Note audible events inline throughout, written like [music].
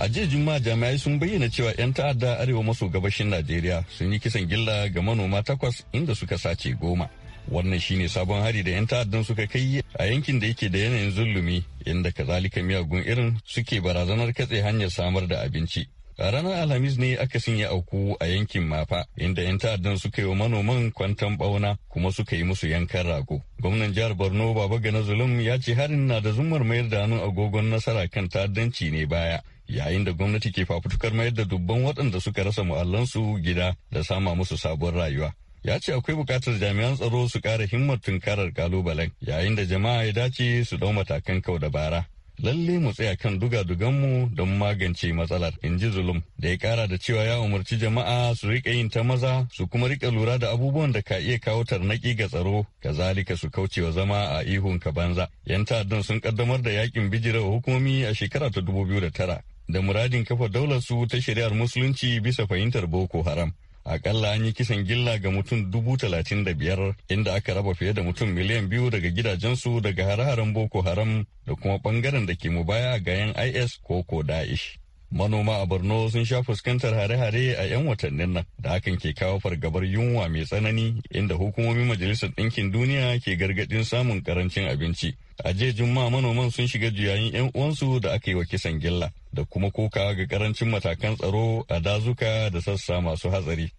a jiya juma'a jami'ai sun bayyana cewa 'yan ta'adda arewa maso gabashin najeriya sun yi kisan gilla ga manoma takwas inda suka sace goma wannan shine sabon hari da 'yan ta'addan suka kai a yankin da yake da yanayin zulumi inda kazalika miyagun irin suke barazanar katse hanyar samar da abinci a ranar alhamis ne aka ya auku a yankin mafa inda 'yan ta'addan suka yi wa manoman kwantan bauna kuma suka yi musu yankan rago gwamnan jihar borno baba gana zulum ya ce harin na da zumar mayar da hannun agogon nasara kan ta'addanci ne baya yayin da gwamnati ke fafutukar mayar da dubban waɗanda suka rasa mu'allansu gida da sama musu sabuwar rayuwa. Ya ce akwai bukatar jami'an tsaro su ƙara himmar tunkarar kalubalen yayin da jama'a ya dace su ɗau matakan kau da bara. Lalle mu tsaya kan duga-duganmu don magance matsalar, in ji Zulum, da ya kara da cewa ya umarci jama'a su riƙa yin ta maza su kuma riƙa lura da abubuwan da ka iya kawo tarnaƙi ga tsaro, zalika su kauce wa zama a ihun ka banza. 'Yan ta'addan sun ƙaddamar da yakin bijirar hukumomi a shekara ta dubu biyu da tara. da muradin kafa daular su ta shari'ar musulunci bisa fahimtar Boko Haram. Akalla an yi kisan gilla ga mutum dubu talatin da biyar inda aka raba fiye da mutum miliyan biyu daga gidajensu daga hare-haren Boko Haram da kuma bangaren da ke mu baya ga yan IS ko ko Daesh. manoma a borno sun sha fuskantar hare-hare a 'yan watannin nan da hakan ke kawo fargabar yunwa mai tsanani inda hukumomin majalisar ɗinkin duniya ke gargaɗin samun karancin abinci a jiya juma manoman sun shiga juyayin 'yan uwansu da aka yi wa kisan gilla da kuma koka ga karancin matakan tsaro a dazuka da sassa masu hatsari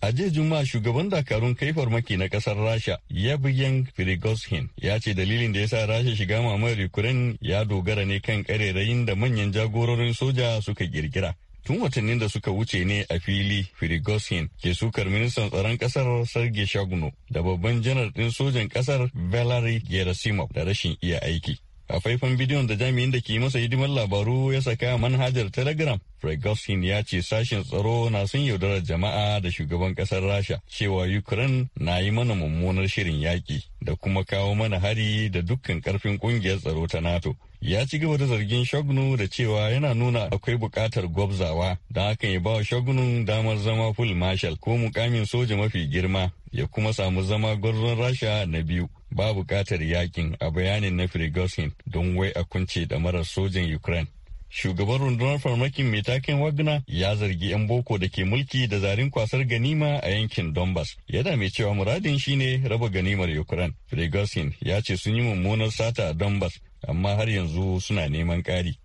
A jiya Juma'a shugaban dakarun kai farmaki na kasar Rasha Yevgen firigoshin ya ce dalilin da ya sa Rasha shiga mamayar Ukraine ya dogara ne kan karerayin da manyan jagororin soja suka girgira. Tun watannin da suka wuce ne a fili firigoshin ke sukar ministan tsaron kasar Sergei Shagunov da babban janar din sojan kasar Valery Gerasimov da rashin iya aiki. a faifan bidiyon da jami'in da ke masa hidimar labaru ya saka manhajar telegram Greg ya ce sashen tsaro na sun yaudarar jama'a da shugaban kasar rasha cewa ukraine na yi mana mummunar shirin yaƙi da kuma kawo mana hari da dukkan karfin kungiyar tsaro ta NATO. Ya ci gaba da zargin Shognu da cewa yana nuna akwai bukatar gwabzawa don hakan ya wa shagunun damar zama full marshal ko mukamin soja mafi girma ya kuma samu zama gwarzon Rasha na biyu. Ba bukatar yakin a bayanin na firigoshin don wai a kunce da marar sojan Ukraine. Shugaban rundunar farmakin mai taken Wagner ya zargi 'yan boko da ke mulki da zarin kwasar ganima a yankin Donbass. Yana mai cewa muradin shine raba ganimar Ukraine. Prigozhin ya ce sun yi mummunar sata a Donbass amma har yanzu suna neman ƙari.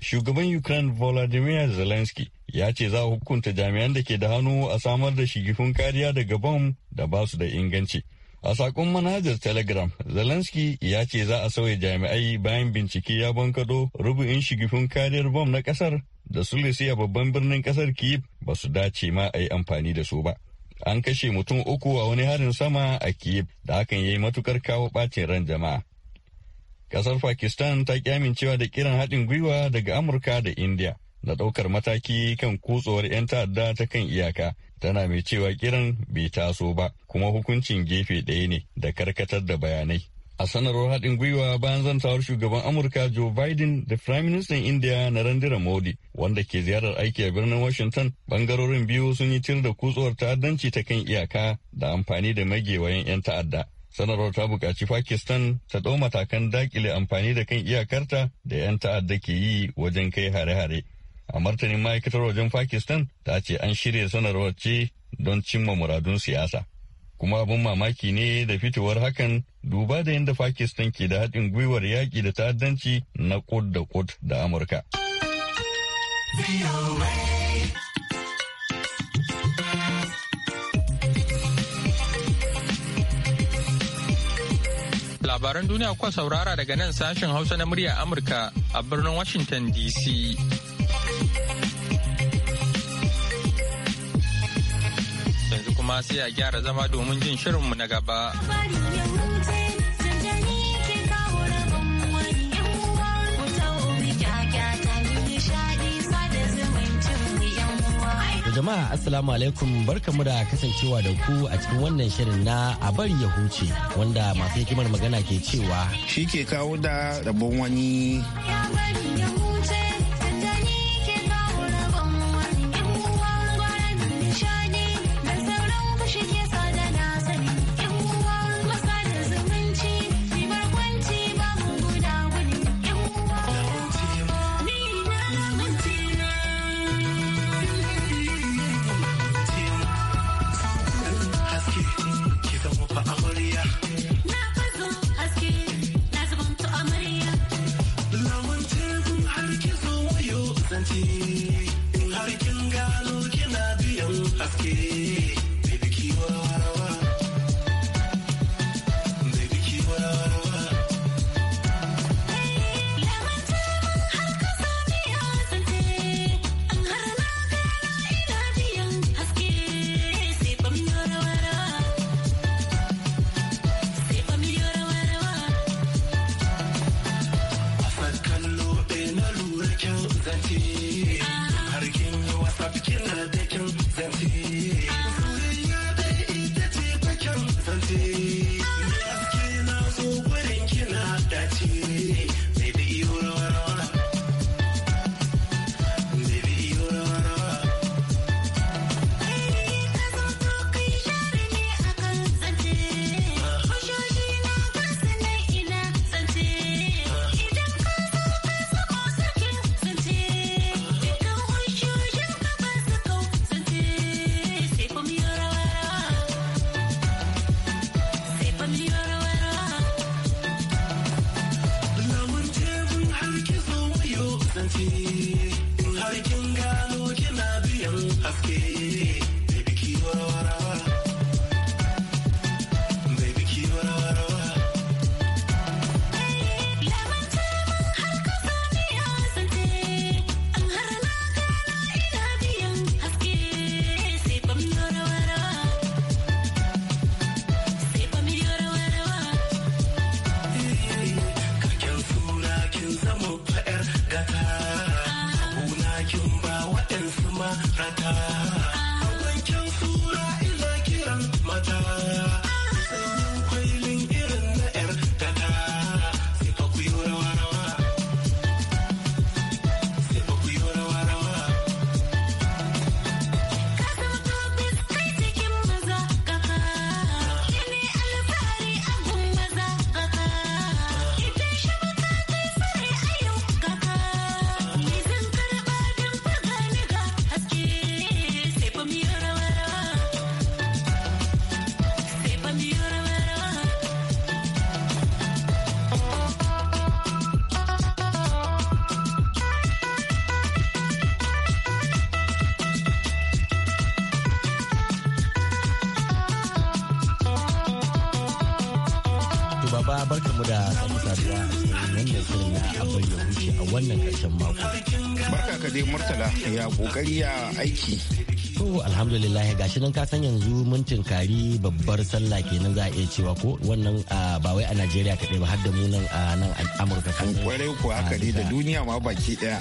Shugaban Ukraine Volodymyr Zelensky ya ce za a hukunta jami'an da ke da hannu a samar da shigifin kariya daga bom da ba su da inganci. A saƙon manhajar Telegram, Zelensky ya ce za a sauya jami'ai bayan bincike ya bankado rubu'in shigifin kariyar bom na ƙasar da sulisi a babban birnin ƙasar Kyiv ba su dace ma a yi amfani da su ba. An kashe mutum uku a wani harin sama a Kyiv da hakan ya yi matukar kawo ɓacin ran jama'a. ƙasar Pakistan ta ki amincewa da kiran haɗin gwiwa daga Amurka da indiya na ɗaukar mataki kan kutsowar 'yan ta'adda ta kan iyaka tana mai cewa kiran bai taso ba kuma hukuncin gefe ɗaya ne da karkatar da bayanai. A sanarwar haɗin gwiwa bayan zantawar shugaban Amurka Joe Biden da Prime Minister India Narendra Modi wanda ke ziyarar aiki a birnin Washington bangarorin biyu sun yi tir da kutsuwar ta'addanci ta kan iyaka da amfani da magewayen 'yan ta'adda. Sanarwar ta buƙaci Pakistan ta ɗau matakan daƙile amfani da kan iyakarta da 'yan ta'adda ke yi wajen kai hare-hare. a martanin ma'aikatar wajen pakistan ta ce an shirya sanarwar ce don cimma muradun siyasa kuma abin mamaki ne da fitowar hakan duba da yadda pakistan ke da haɗin gwiwar yaƙi da ta'addanci na kud da kud da amurka labaran duniya kuwa saurara daga nan sashen hausa na murya amurka a birnin washington dc sai a gyara zama domin jin shirinmu na gaba. jama'a assalamu alaikum barkamu da kasancewa da ku a cikin wannan shirin na a bari ya huce wanda masu hikimar magana ke cewa shi ke kawo da rabon wani barka mu da sake saduwa a cikin wannan shirin na abin da huce a wannan karshen mako. Barka ka dai Murtala ya kokari ya aiki. To alhamdulillah shi nan ka san yanzu mun tinkari babbar sallah kenan za a iya cewa ko wannan ba wai a Najeriya kaɗai ba har da mu nan a nan Amurka kan. Kwarai ko haka dai da duniya ma baki ɗaya.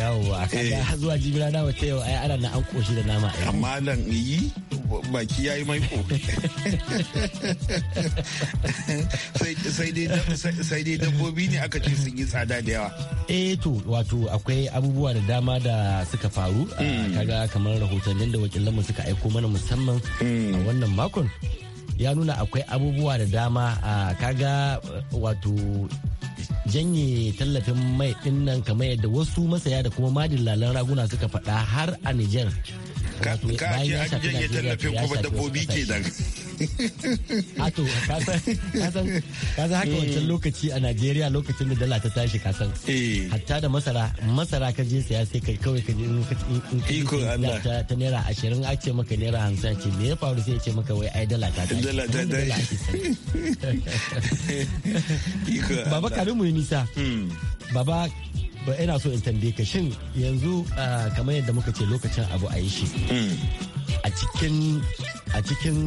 Yawwa kaga eh. zuwa jibira na wata yau ai ana na an koshi da nama. Amma nan yi baki ya yi maiko sai dai dabbobi ne aka ce sun yi tsada da yawa eh to wato akwai abubuwa da dama da suka faru ah, hmm. kaga kamar rahotannin da wakilanmu suka aiko mana musamman hmm. a wannan makon ya nuna akwai abubuwa da dama a ah, kaga wato janye tallafin mai dinnan kamar yadda wasu masaya da kuma madin lalan raguna suka faɗa har a Nijar ka ce an janye tallafin kuma dabbobi ke nan [laughs] Ato, kasan haka wancan mm. lokaci a Najeriya lokacin da dala ta tashi san. Eh. Hatta da masara, masara ka je saya sai kai kawai ka je in ka ta ta naira ashirin a ce maka naira hamsin ce me ya faru sai ce maka wai ai dala ta tashi. Dala ta tashi. [laughs] Baba Karimu Nisa. Mm. Baba ba ina so in tambaye ka shin yanzu kamar yadda muka ce lokacin abu a yi shi hmm. a cikin a cikin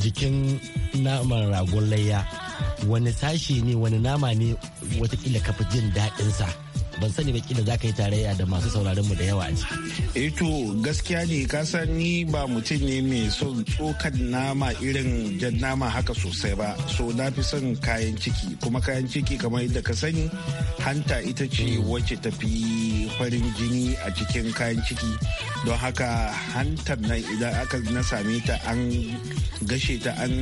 jikin naman ragon layya wani sashi ne wani nama ne watakila kafa jin daɗinsa ban sani ba kila za ka yi tarayya da masu sauraron mu da yawa a ciki. eh to gaskiya ne ka san ni ba mutum ne mai son tsokan nama irin jan nama haka sosai ba so na fi son kayan ciki kuma kayan ciki kamar yadda ka sani hanta ita ce mm. wacce tafi farin jini a cikin kayan ciki don haka hantar nan idan aka na same ta an gashe ta an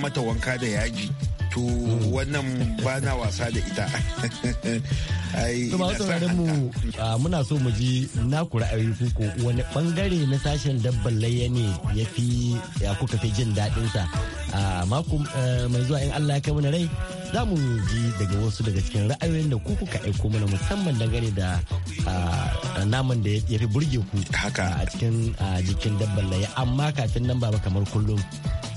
mata wanka da yaji to wannan ba na wasa da ita [laughs] ai ina son muna so mu ji na naku ra'ayi kuku wani bangare na sashen dabban layya ne ya fi ya kuka fi jin daɗinsa a mako eh, mai zuwa in Allah ya kai mana rai za mu ji daga wasu daga cikin ra'ayoyin da ku kuka aiko mana musamman dangane da naman da ya fi burge ku a cikin jikin dabban laye amma kafin nan ba kamar kullum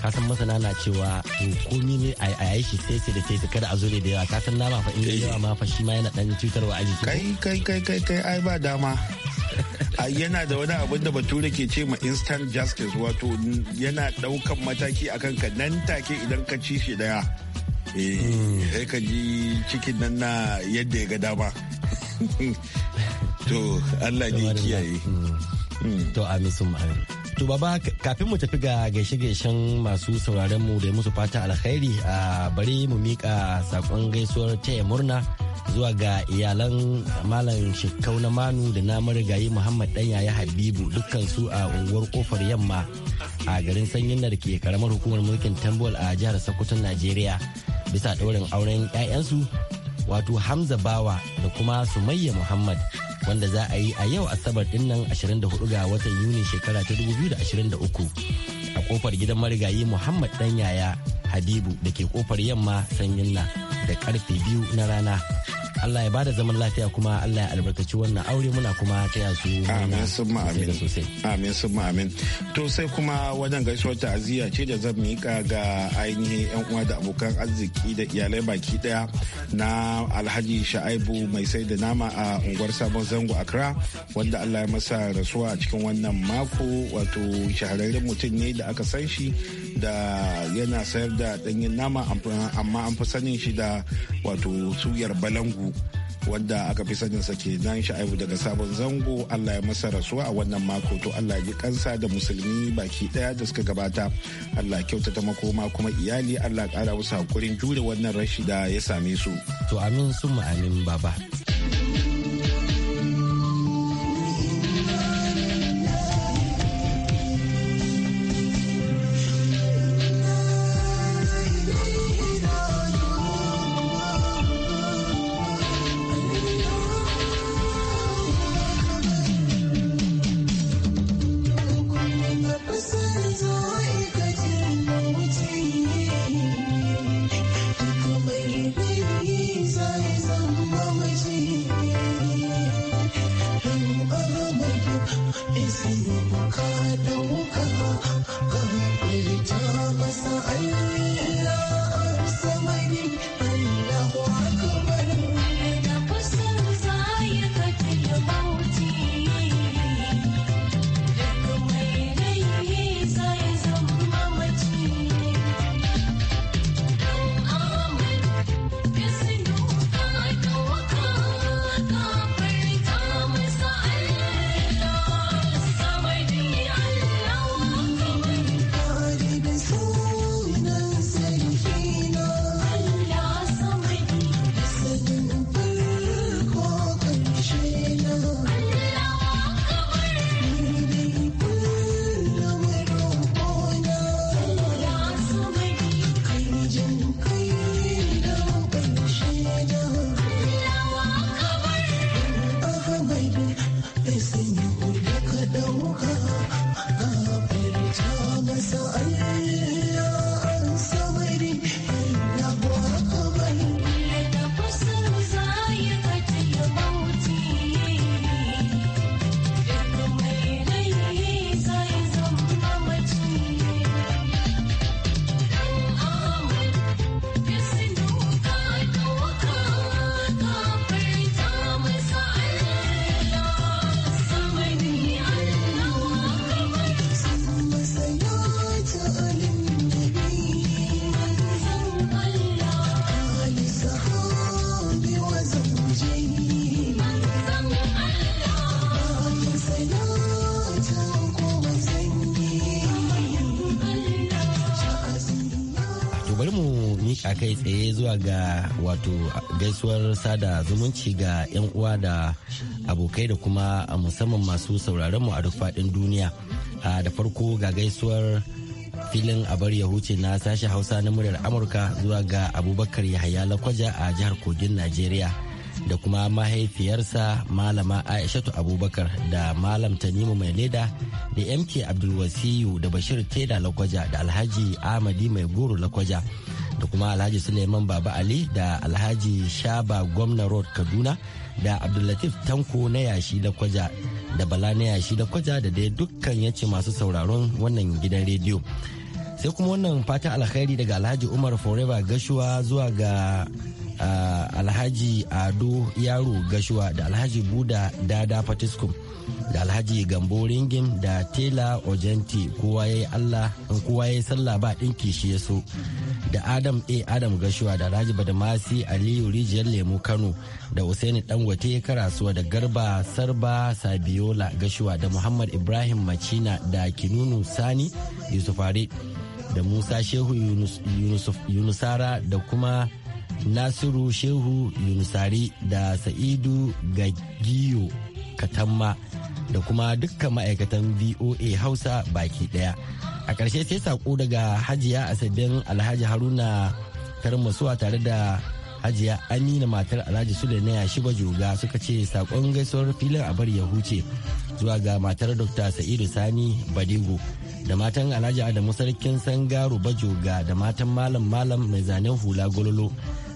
kasan masana na cewa komi ne a yi shi sai da sai kada a zo da yawa kasan nama fa in yawa ma fa shi ma yana dan cutarwa a jiki kai kai kai kai ai ba dama yana da wani abin da bature ke ce ma instant justice wato yana daukan mataki akan ka nan take idan ka ci shi daya ya eh, ka ji cikin nan na yadda ya ga dama to Allah ne kiyaye hmm. to amin To baba kafin mu tafi ga gaishe-gaishen masu sauraron mu da musu fata alkhairi a bari mu mika sakon gaisuwar taya murna zuwa ga iyalan malam shekau na manu da na marigayi muhammad dan yaya habibu dukkan a unguwar kofar yamma a garin sanyin da ke karamar hukumar mulkin tambol a jihar sokoto najeriya bisa ɗaurin auren 'ya'yansu wato hamza bawa da kuma sumayya muhammad wanda za a yi a yau asabar din nan 24 ga watan yuni shekara ta 2023 a kofar gidan marigayi muhammad dan yaya habibu da ke kofar yamma sanyin na da karfe biyu na rana Allah ya bada zaman lafiya kuma Allah ya albarkaci wannan aure muna kuma ta yasu amin summa amin amin summa amin to sai kuma wajen gaisuwar ta'aziyya ce da zan mika ga ainihin yan uwa da abokan arziki da iyalai baki daya na Alhaji Sha'aibu mai sai da nama a unguwar Sabon Zango Accra wanda Allah ya masa rasuwa a cikin wannan mako wato shahararren mutum ne da aka san shi da yana sayar da ɗanyen nama amma an fi sanin shi da wato suyar balangu wanda aka fi sanin sa ke nan sha'ibu daga sabon zango Allah ya masa rasuwa a wannan mako to Allah ya ji kansa da musulmi baki daya da suka gabata Allah kyautata makoma kuma iyali Allah kara musu hakurin jure wannan rashi da ya same su to amin sun amin baba kai tsaye zuwa ga wato gaisuwar sada zumunci ga 'yan uwa da abokai da kuma musamman masu sauraron mu a duk faɗin duniya da farko ga gaisuwar filin abar ya huce na sashi hausa na muryar amurka zuwa ga abubakar yahaya lakwaja a jihar kogin najeriya da kuma mahaifiyarsa malama aishatu abubakar da malam tanimu mai leda da mk abdulwasiyu da bashir teda lakwaja da alhaji ahmadi mai goro lakwaja da kuma alhaji suleiman baba ali da alhaji shaba gwamna road kaduna da abdullatif tanko na yashi da kwaja da bala na yashi da kwaja da dai dukkan yace masu sauraron wannan gidan rediyo sai kuma wannan fatan alkhairi daga alhaji umar forever gashuwa zuwa ga alhaji ado yaro gashuwa da alhaji buda dada patiskum da alhaji gambo ringin da tela ojenti kowa yayi kowa ya yi sallah ba ɗinki shi ya so da adam a adam gashuwa da alhaji masi aliyu rijiyar lemu kano da usaini dangote karasuwa da garba sarba sabiola gashuwa da muhammad ibrahim macina da kinunu sani yusufare da musa shehu yunusara da kuma nasiru shehu yunusari da sa'idu gagiyo katamma da kuma dukkan ma'aikatan voa hausa baki daya a ƙarshe sai sako daga hajiya sabbin alhaji haruna karmasuwa tare da hajiya amina matar alhaji su da na yashi bajoga suka ce sakon gaisuwar filin a bar ya huce zuwa ga matar dr sa'idu sani badigo da matan alhaji adamu sarkin sangaro bajoga da matan malam malam mai zanen hula gololo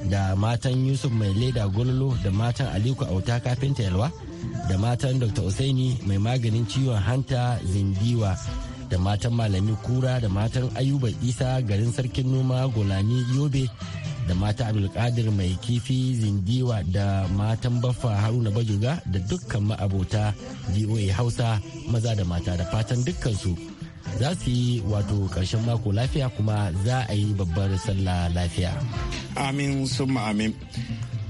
da matan yusuf mai leda gololo da matan aliku auta kafinta yalwa da matan dr usaini mai maganin ciwon hanta zindiwa da matan malami kura da matan ayuba isa garin sarkin noma golani yobe da mata abdulkadir mai kifi zindiwa da matan baffa haruna bajuga da dukkan ma'abota voa hausa maza da mata da fatan dukkansu za su yi wato karshen mako lafiya kuma za a yi babbar sallah lafiya amin summa amin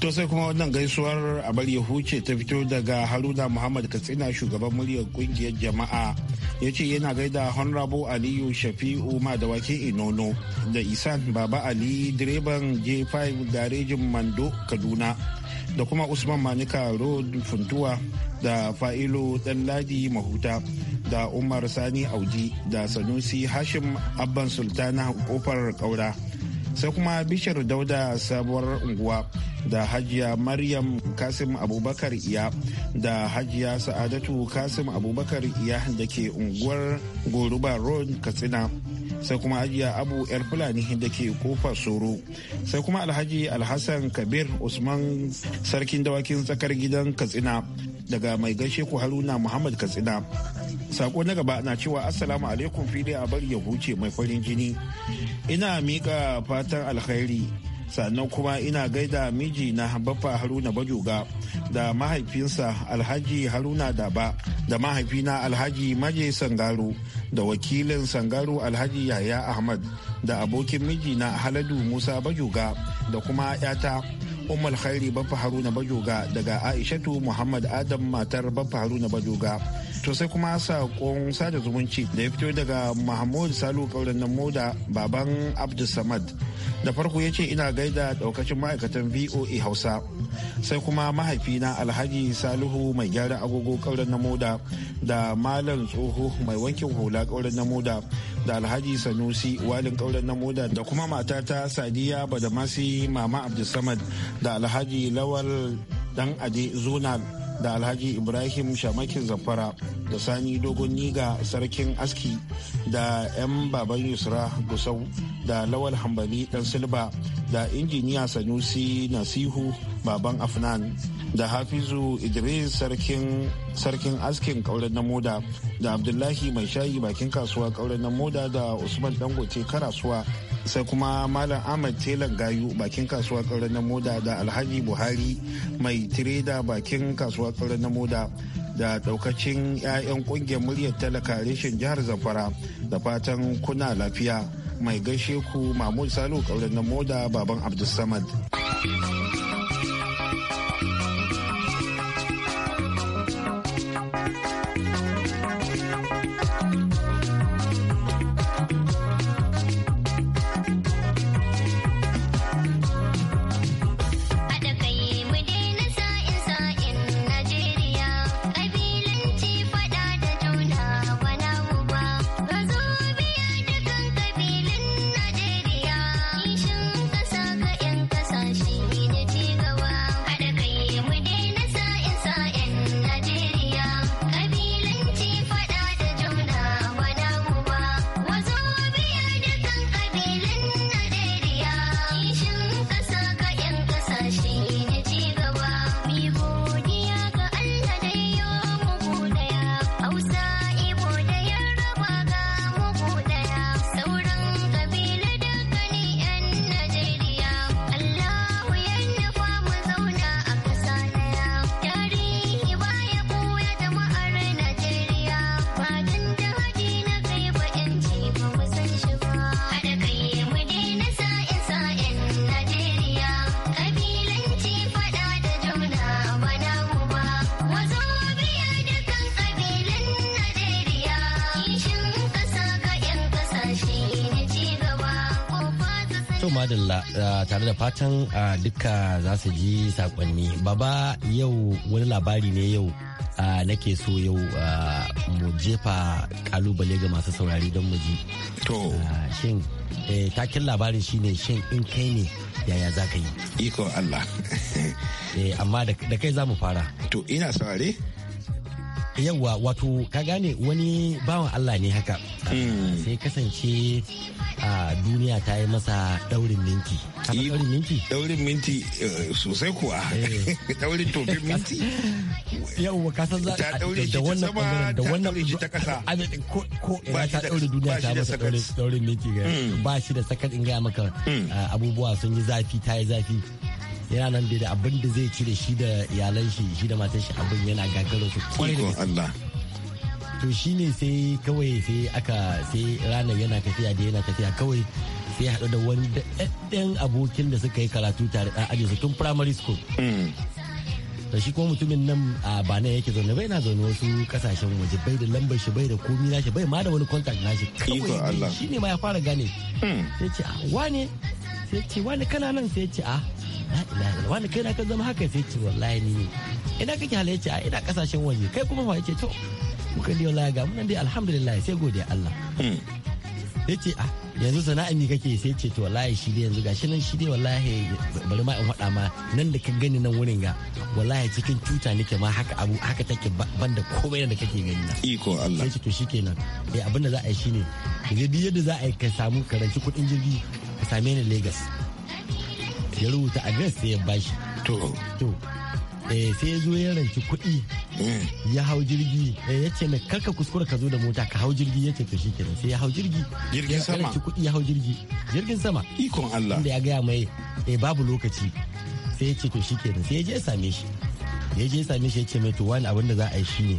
To sai kuma wannan gaisuwar a bari huce ta fito daga Haruna Muhammad Katsina shugaban muryar kungiyar jama'a ya ce yana gaida Honorable Aliyu Shafi'u wake Inono da Isan Baba Ali direban J5 garejin Mando Kaduna da kuma Usman Manika Road Funtuwa da Fa'ilo Ɗanladi Mahuta da Umar Sani Audi da Sanusi Hashim Abban Sultana kofar Kaura. sai kuma bishar dauda sabuwar unguwa da hajiya maryam kasim abubakar iya da hajiya sa'adatu kasim abubakar iya da ke unguwar goruba road katsina sai kuma hajiya abu yar fulani da ke kofar soro sai kuma alhaji alhassan kabir usman sarkin dawakin tsakar gidan katsina daga mai gaishe ku haruna muhammad katsina sako na gaba na cewa assalamu alaikum fili a bari ya huce mai farin jini ina miƙa fatan alkhairi sannan kuma ina gaida miji na baffa haruna bajoga da mahaifinsa alhaji haruna daba da mahaifina alhaji maje sangaro da wakilin sangaro alhaji yaya ahmad da abokin miji na haladu musa bajoga da kuma yata umar khairi baffa haruna bajoga daga aishatu muhammad adam matar baffa haruna bajoga to sai kuma sakon sada zumunci da ya fito daga mahmud salu kauran namoda moda baban abdulsamad da farko ya ce ina gaida daukacin ma'aikatan voa hausa sai kuma mahaifina alhaji salihu mai gyara agogo kauren na da malam tsoho mai wankin hula kauren na da alhaji sanusi walin kauren na da kuma matata sadiya badamasi mama abdulsamad da alhaji lawal dan ade zonal da alhaji ibrahim shamakin zamfara da sani dogon niga sarkin aski da 'yan baban yusra gusau da lawal hambali dan silba da injiniya sanusi nasihu baban afnan da hafizu idris sarkin sarkin askin kauren na moda da abdullahi mai shayi bakin kasuwa kauren na moda da usman dangote karasuwa sai kuma malam ahmad tela gayu bakin kasuwa tsauran na moda da alhaji buhari mai tireda bakin kasuwa tsauran na moda da daukacin 'ya'yan kungiyar muryar talaka reshen jihar zamfara da fatan kuna lafiya mai gaishe ku mahmud salu kauran na moda baban abdulsamad tare da fatan duka za su ji sakonni baba yau wani labari ne yau nake so yau mu jefa kalubale ga masu saurari don mu ji to shin eh, takin labarin shine shin in kai ne yaya za ka yi iko allah [laughs] eh, amma da kai za mu fara to ina saurari. yawa wato ka gane wani bawan Allah ne haka hmm. sai kasance a duniya ta yi masa daurin minti daurin minti daurin minti eh, sosai kuwa eh. [laughs] daurin tofin minti yawa ka san za ta daure shi ta sama ta daure ta kasa ko ba ta daure duniya ta masa daurin minti hmm. ba shi da sakat in ga maka hmm. abubuwa sun yi zafi ta yi zafi yana nan da abin da zai ci da shi da iyalan shi shi da matan shi abin yana gagara su kwarai da Allah to shine sai kawai sai aka sai ranar yana tafiya da yana tafiya kawai sai haɗu da wani daɗaɗɗen abokin da suka yi karatu tare ɗan aji su tun primary school hmm. da shi kuma mutumin nan a ba nan yake zaune bai na zaune wasu kasashen waje bai da lambar shi bai da komi na shi bai ma da wani contact na shi kawai shi ne ma ya fara gane hmm. sai ce ah, wane sai ce wani kana nan sai ce ah, a wani kai na ka zama haka sai ce wallahi ni ne ina kake halaye ce a ah, ina kasashen waje kai kuma fa yace to muka dai wallahi ga mun dai alhamdulillah sai godiya Allah sai hmm. ce a ah, yanzu sana'a ni kake sai ce to wallahi shi dai yanzu gashi nan shi dai wallahi bari ma in faɗa ma nan da ka gani nan wurin ga wallahi cikin tuta nake ma haka abu haka take banda komai da kake gani na iko Allah sai ce to shikenan eh abin da za a yi shine yanzu duk yadda za a yi ka samu karanci kuɗin jirgi ka same ni Legas. Ya rubuta adres sai ya bashi. To. To. Eh sai ya zo ya ranci kuɗi. Hmm. Ya hau jirgi eh, ya ce mai karka kuskura ka zo da mota ka hau jirgi ya ce to shikenan sai ya hau jirgi. Jirgin sama. Ya ranci kuɗi ya hau jirgi. Jirgin sama. Ikon Allah. Inda ya gaya mai eh babu lokaci. Sai ya ce to shikenan sai ya je ya same shi. Ya je ya same shi ya ce mai to wani abin da za a yi shi shine.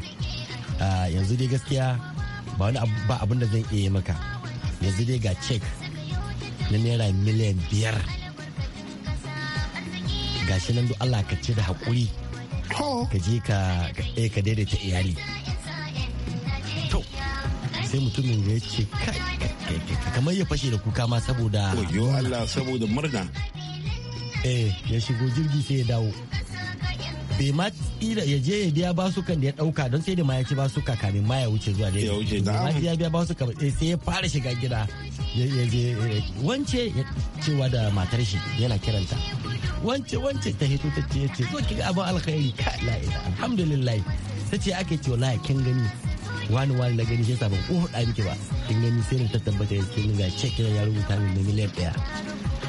Ah, yanzu dai gaskiya ba wani ba abin da zan iya maka. Yanzu dai ga cek na naira miliyan biyar ga shi nan Allah ka ce da haƙuri ka je ka eh, ka daidaita iyali to sai mutumin ya ce kamar ya fashe da kuka ma saboda Allah saboda murna eh ya shigo jirgi sai ya dawo bai ma tsira ya je ya biya basukan da ya dauka don sai da ma ya ci basuka kamin ma ya wuce zuwa da ya wuce ma ya biya basuka eh, sai ya fara shiga gida ya je eh, wance cewa da matar shi yana kiranta wance wance ta hito ta ce ce zo ga abin alkhairi ka la alhamdulillah ta ce ake ce wallahi kin gani wani wani na gani shi sabon ko hudu miki ba kin gani sai na ta tabbata ya ce ga cek ya rubuta min miliyan daya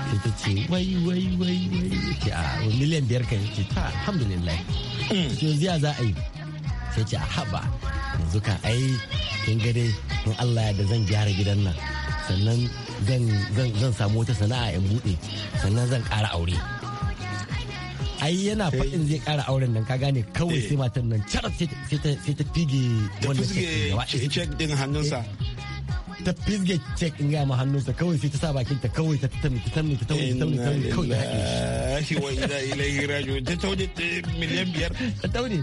sai ta ce wai wai wai wai a ah, miliyan biyar kan ce ta alhamdulillah ce ziya za a yi sai ce a ah, haba yanzu kan ai kin ga in Allah ya da zan gyara gidan nan sannan zan samu wata sana'a in buɗe sannan zan ƙara aure ai yana eh. faɗin zai ƙara auren nan ka gane kawai eh. sai matan nan cara sai ta fige wanda cek din hannunsa eh. ta fisge cek in gama hannunsa kawai sai ta sa bakin ta kawai ta tamni ta tamni ta tamni ta tamni kawai ta haɗe shi wa da ilahi rajo ta taune miliyan biyar ta taune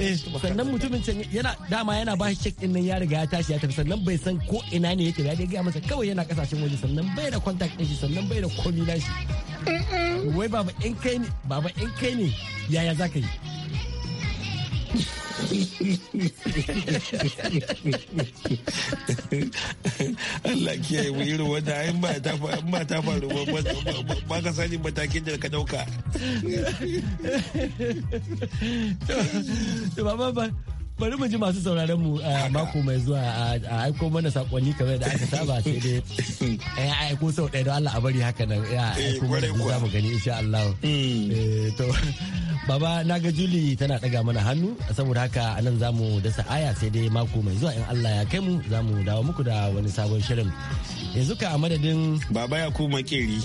eh, sannan mutumin can yana dama yana ba shi cek din nan ya riga ya tashi ya tafi sannan bai san ko ina ne yake ya gaya masa kawai yana kasashen waje sannan bai da contact din shi sannan bai da komi na shi wai baba in kai ne baba in kai ne yaya zaka yi Allah kiyaye mu irin wanda ayin ba ta ba ta faru ba ka sani matakin da ka dauka to baba ba bari mu ji masu sauraron mu eh, mako mai zuwa a aiko mana sakonni kamar da aka saba sai dai eh, a aiko sau ɗaya don Allah a bari haka nan ya aiko mana eh, za mu gani insha Allah hmm. to Baba na ga Juli tana ɗaga mana hannu saboda haka anan za mu dasa aya sai dai mako mai zuwa in Allah ya kai mu za mu dawo muku da wani sabon shirin. Yanzu ka a madadin Baba kuma keri.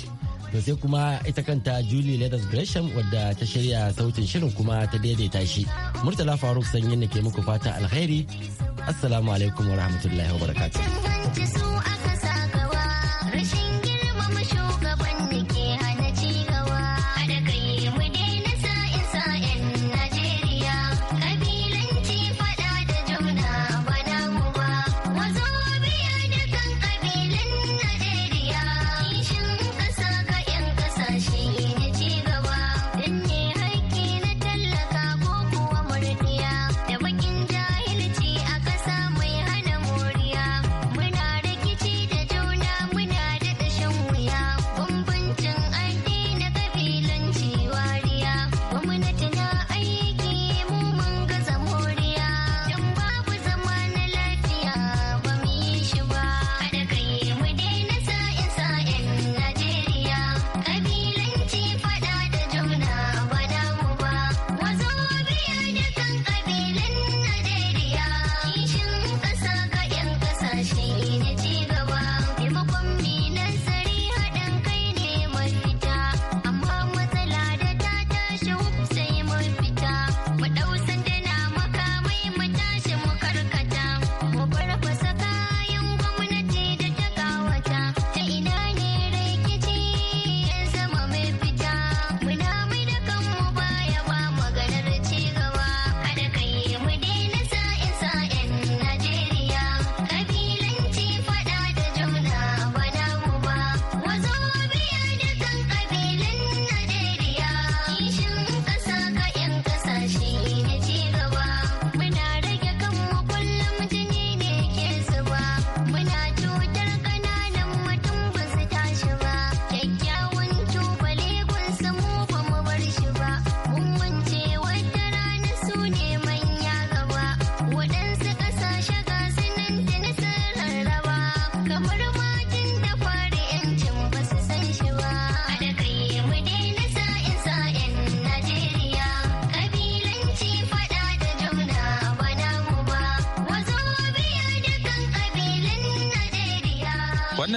To sai kuma ita kanta Julie Leathers Gresham wadda ta shirya sautin shirin kuma ta daidaita shi. Murtala Faruk sanyin da ke muku fata alkhairi. Assalamu alaikum wa rahmatullahi wa barakatuh.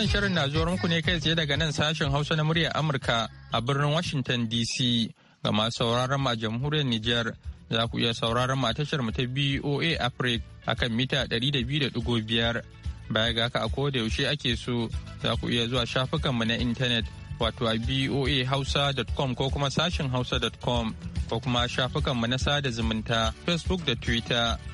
Wannan shirin na zuwar muku ne kai tsaye daga nan sashen Hausa na muryar Amurka a birnin Washington DC ga masu sauraron ma jamhuriyar Nijar za ku iya sauraron ma tashar mu ta BOA Africa a kan mita 200.5 baya ga haka a koda yaushe ake so za ku iya zuwa shafukan mu na intanet wato a BOA hausa.com ko kuma sashen hausa.com ko kuma shafukan mu na sada zumunta Facebook da Twitter